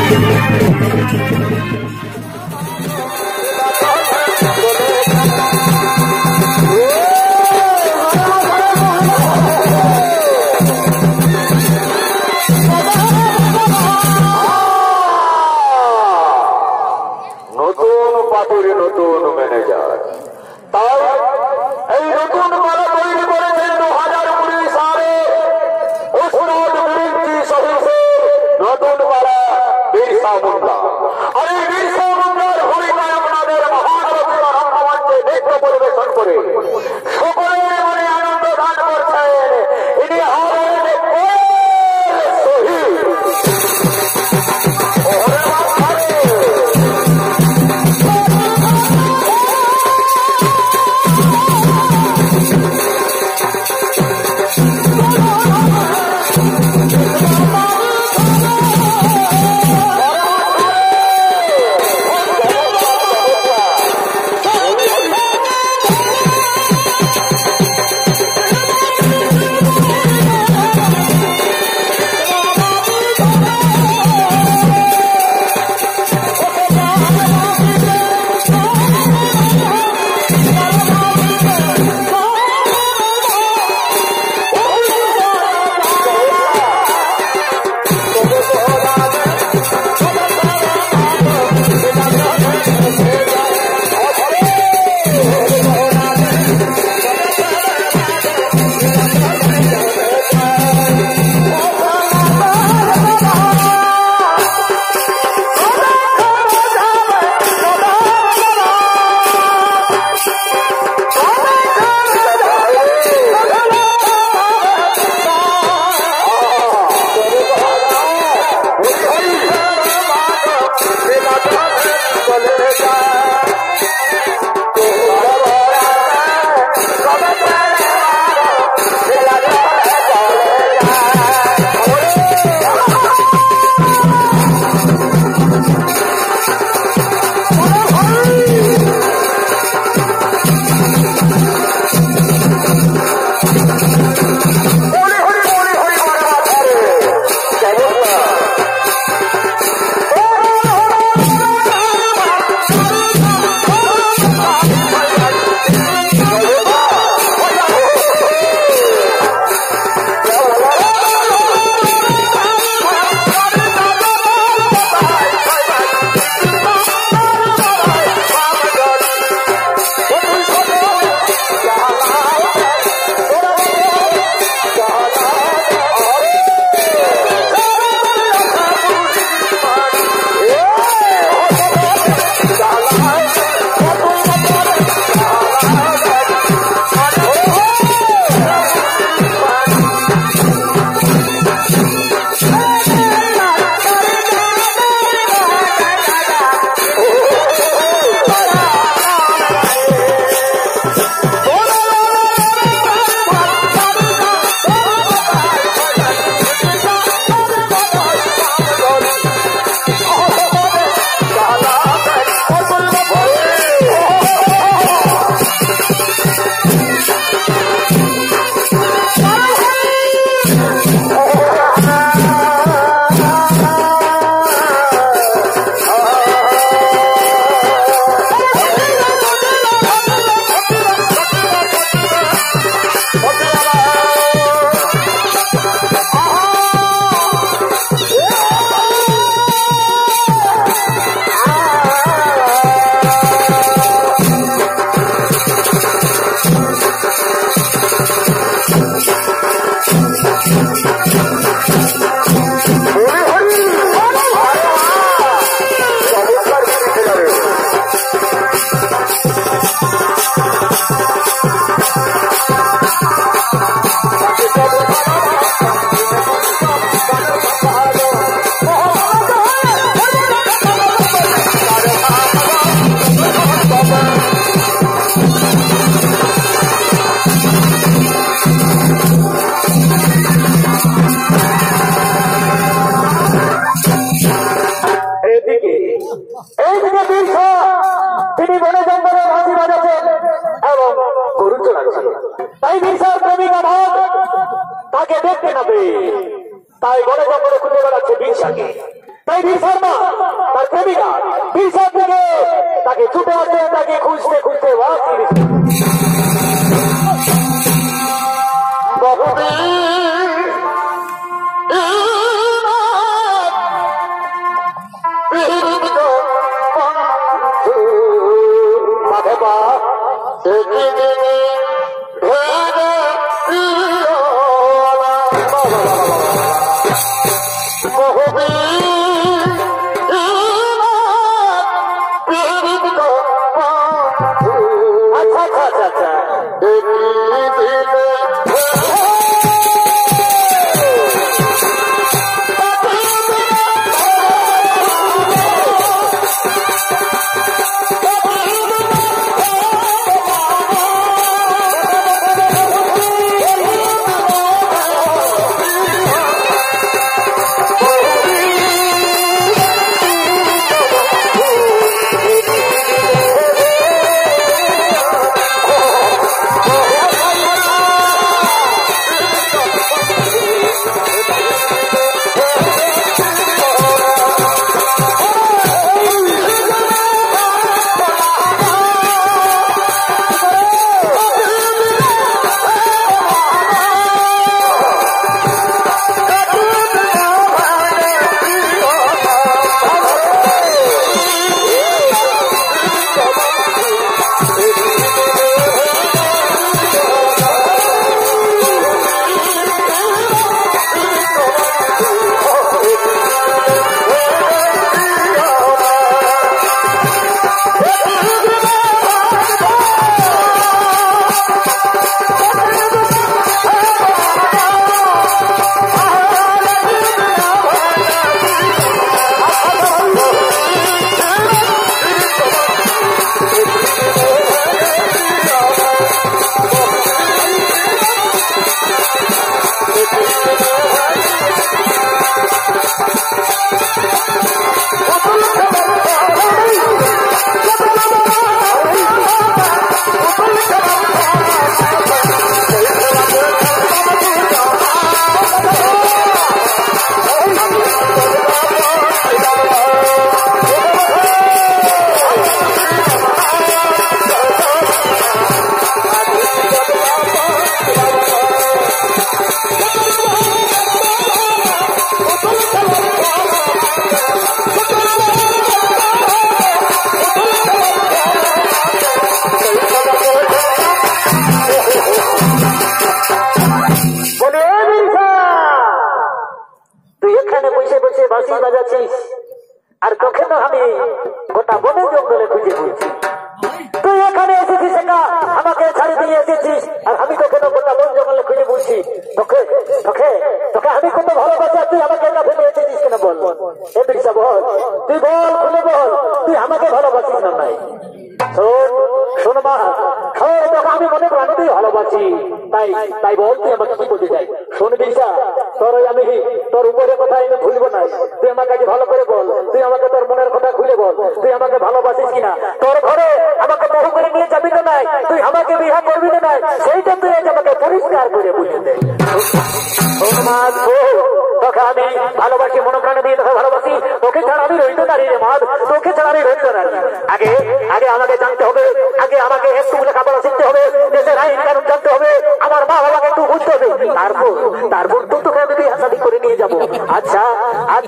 Thank you. Thank you.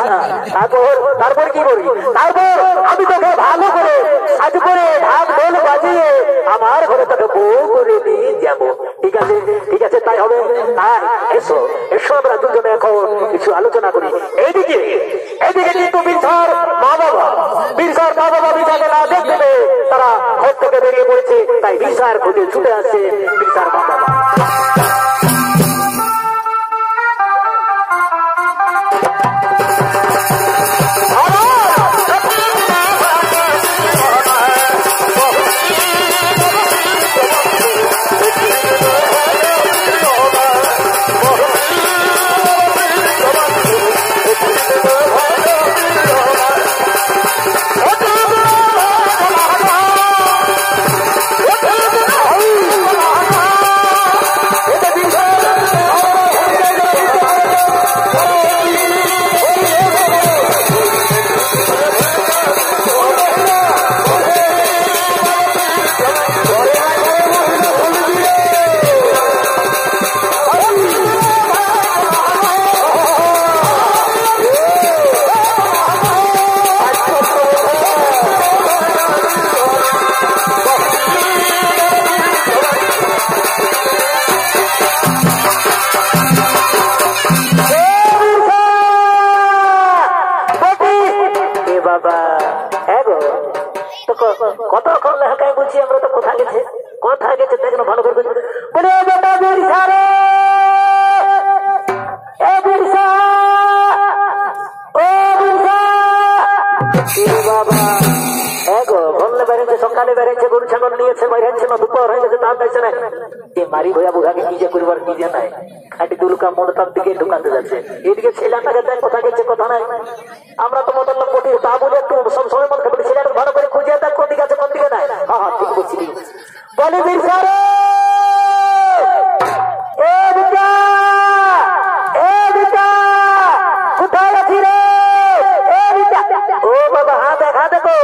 আচ্ছা, আচ্ছা। তারপর কি করবি তারপর আমি তোকে ভালো করে সাজ করে ঢাক ঢোল বাজিয়ে আমার ঘরে তোকে বউ করে নিয়ে যাবো ঠিক আছে ঠিক আছে তাই হবে তাই এসো এসো আমরা দুজনে এখন কিছু আলোচনা করি এইদিকে এইদিকে কিন্তু বিরসার মা বাবা বিরসার মা বাবা বিরসাকে না দেখবে তারা ঘর থেকে বেরিয়ে পড়েছে তাই বিরসার খুঁজে ছুটে আসছে বিরসার মা বাবা কানে বেড়েছে গরু ছাগল নিয়েছে বাইরেছে না দুপুর হয়ে গেছে তার পেছনে যে মারি ভয়া বুঝাকে কি যে করবার কি যে নাই খাটি দুলকা মনতার দিকে ঢুকাতে যাচ্ছে এদিকে ছেলেটাকে দেখ কথা গেছে কথা নাই আমরা তো মদন কোটির তা বলে একটু সবসময় মনে করি ছেলেটা ভালো করে খুঁজে দেখ কোন দিকে আছে কোন দিকে নাই হ্যাঁ হ্যাঁ ঠিক বলছি বলি বীর বিচারে কোথায় আছি রে ও বাবা হাত দেখা দেখো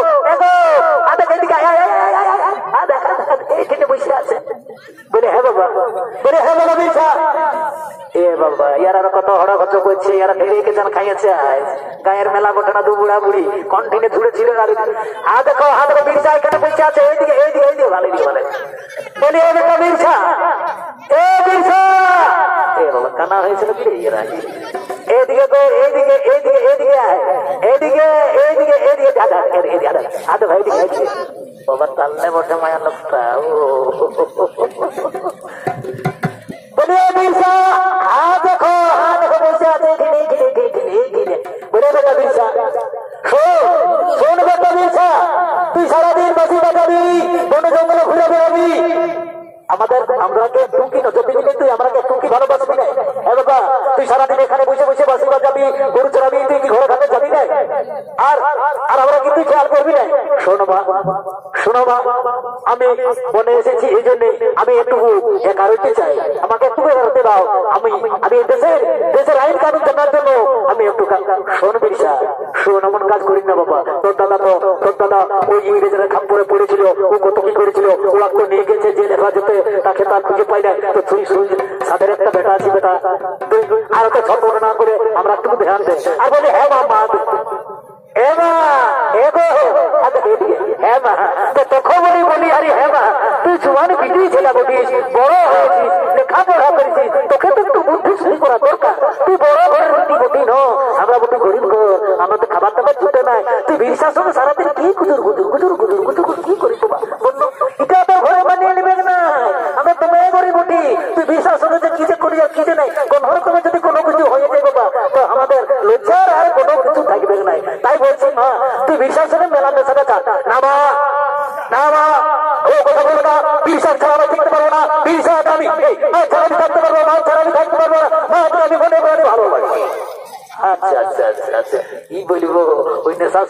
বলে হে বাবা বলে হে বাবা বিছা এ বাবা ইয়ারা কত হড়াগত করছে ইয়ারা ধীরে কে যেন খাইয়েছে গায়ের মেলা ঘটনা দু বুড়া বুড়ি কন্টিনে ধুড়ে ছিল আর হা দেখো হা দেখো বিরসা এখানে বসে আছে এইদিকে এইদিকে এইদিকে ভালো দিকে বলে বলি এ দেখো বিরসা এ বিরসা এ বাবা কানা হয়েছিল কি ইয়ারা এইদিকে গো এইদিকে এইদিকে এইদিকে আয় এদিকে এইদিকে এইদিকে দাদা এদিকে দাদা হাত ভাই দিকে বাবা তাল্লে বটে মায়া লোকটা ও তা খুঁজে পাই না তো ছুঁই ছুঁই সাদের একটা বেটা আছে বেটা আর ওকে ছট না করে আমরা একটু ধ্যান দেয় আর বলি হ্যাঁ মা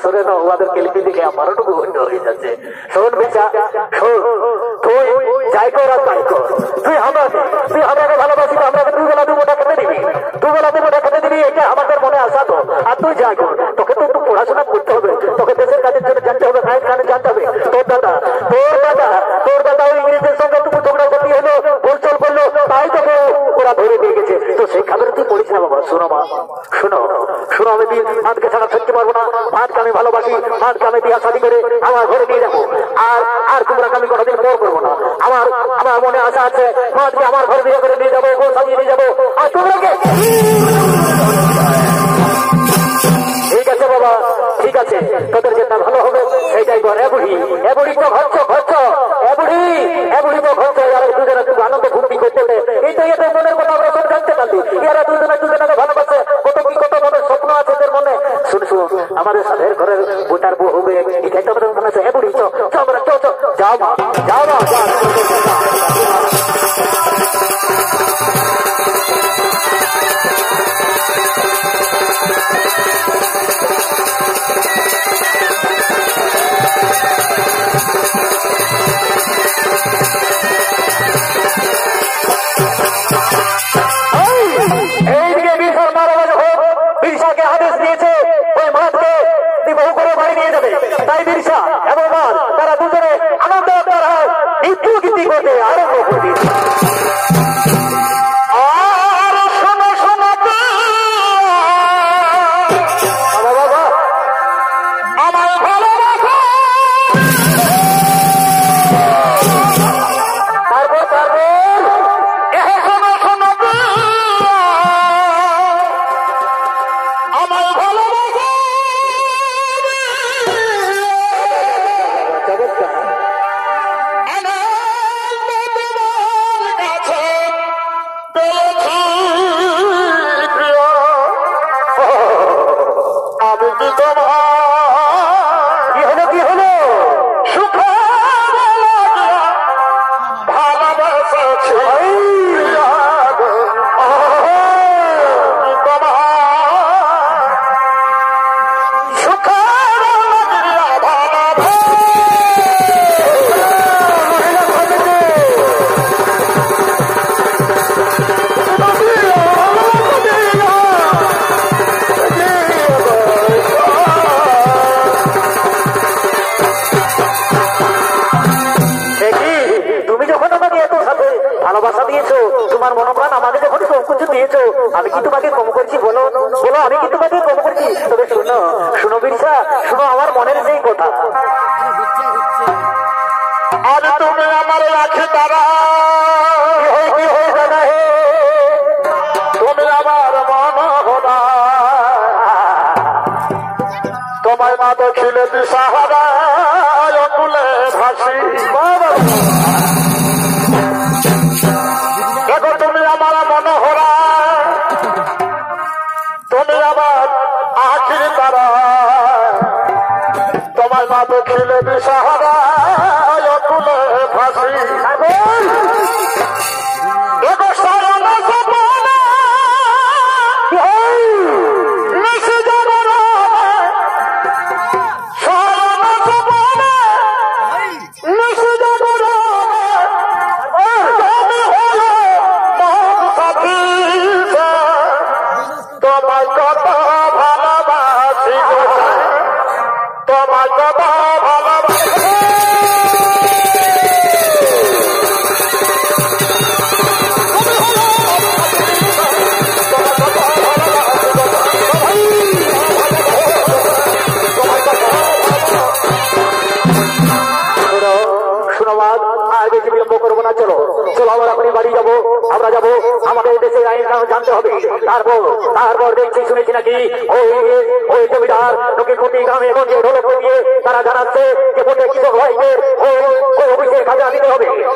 আমাদের মনে আসা তো আর তুই যাই কর তোকে তো একটু পড়াশোনা করতে হবে তোকে দেশের কাজের জন্য জানতে হবে সায়েন্স কাজে জানতে হবে তোর দাদা তোর দাদা তোর দাদা ওই ইংরেজদের সঙ্গে তুমি ঝগড়া করতে হলো গোলচল করলো তাই তোকে ওরা ধরে নিয়ে গেছে তো সেই খাবারে তুই পড়িস না বাবা শোনো মা শোনো শোনো আমি আজকে ছাড়া থাকতে পারবো না মাছকে আমি বিয়া শাদি করে আমার ঘরে নিয়ে যাবো আর আর তোমরা আমি কোনোদিন পর করবো না আমার আমার মনে আশা আছে আমার ঘরে বিয়ে করে আমি কি তোমাকে কম করছি বলো বলো আমি কি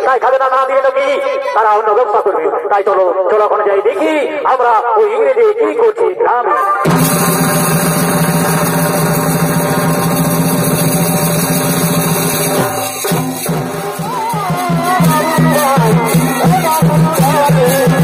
তাই খাবে না দিয়ে নাকি তারা অন্য ব্যবস্থা করবে তাই চলো চলো এখন যাই দেখি আমরা ওই ইংরেজি কি করছি গ্রামে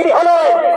一二。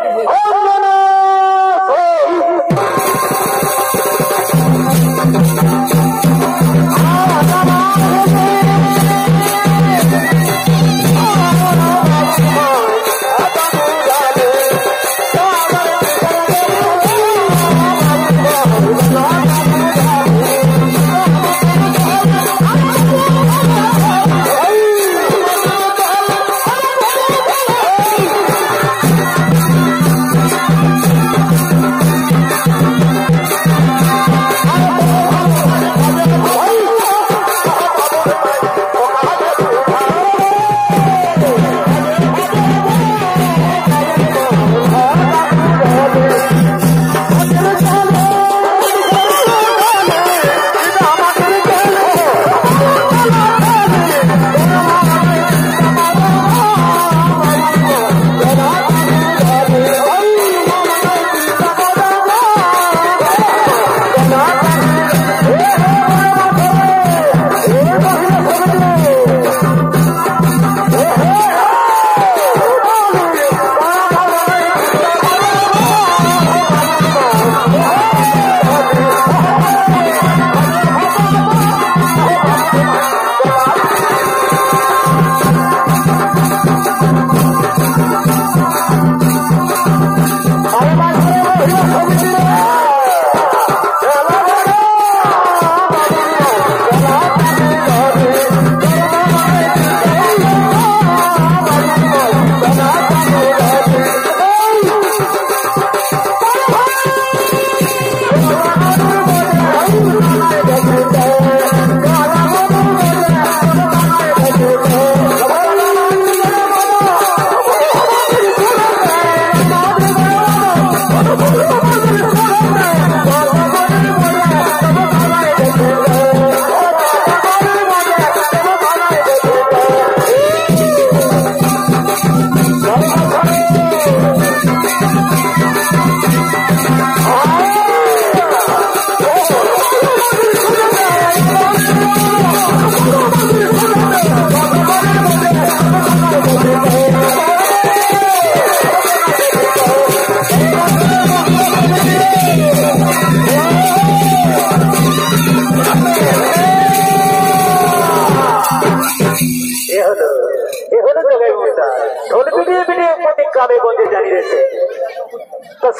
তো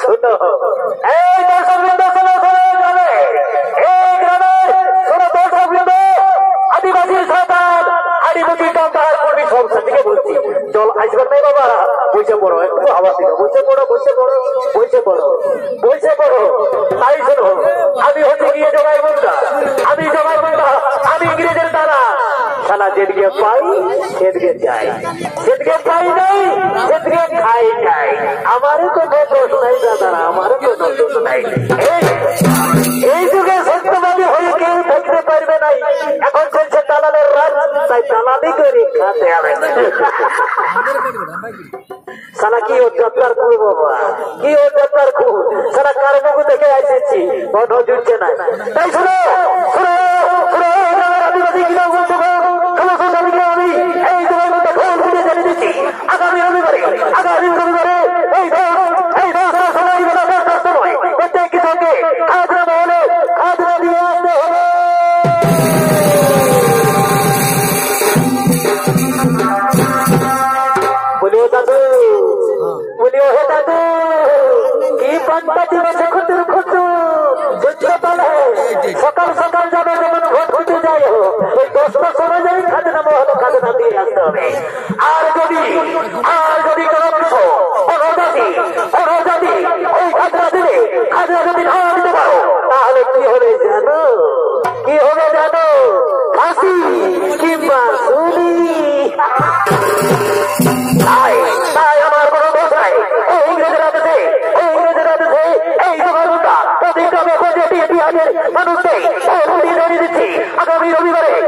ছোট এই দর্শক বৃন্দ শোনো শোনো গ্রামে এই শোনো দর্শক বৃন্দ আদিবাসী সন্তান আদিবাসী সন্তান কর্মী সংস্থা থেকে বলছি জল আসবেন নাই বাবা বসে পড়ো একটু হাওয়া দিল বসে পড়ো বসে পড়ো বসে পড়ো বসে পড়ো তাই শোনো আমি হচ্ছে গিয়ে জমাই বন্ধা আমি জমাই বন্ধা আমি ইংরেজের দ্বারা শালা যেদিকে পাই সেদিকে যাই যেদিকে পাই নাই সেদিকে খাই যাই আমার তো দোষ নাই দাদারা আমার তো দোষ নাই এই যুগে সত্যবাদী হয়ে কেউ থাকতে পারবে নাই এখন চলছে দালালের রাজ তাই দালালি করে খাতে হবে সারা কি অত্যাচার করু বাবা কি অত্যাচার করু সারা কারণ থেকে আসেছি মন জুটছে না তাই শুনো শুনো আগামী রবিবারে